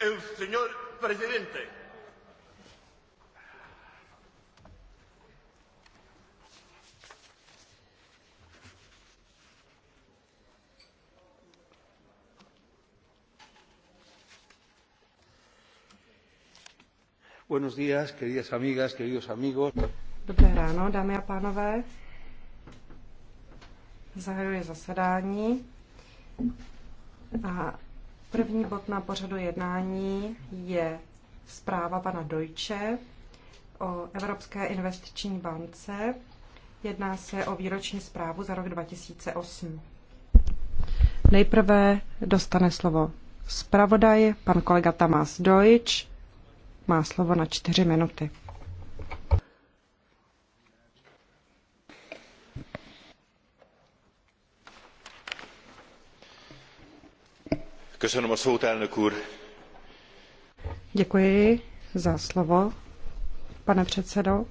El señor presidente. Buenos días, queridas amigas, queridos amigos. Dobré ráno, dámy a pánové. Zahajuji zasedání. A První bod na pořadu jednání je zpráva pana Dojče o Evropské investiční bance. Jedná se o výroční zprávu za rok 2008. Nejprve dostane slovo zpravodaj, pan kolega Tamás Dojč. Má slovo na čtyři minuty. Děkuji za slovo, pane předsedo.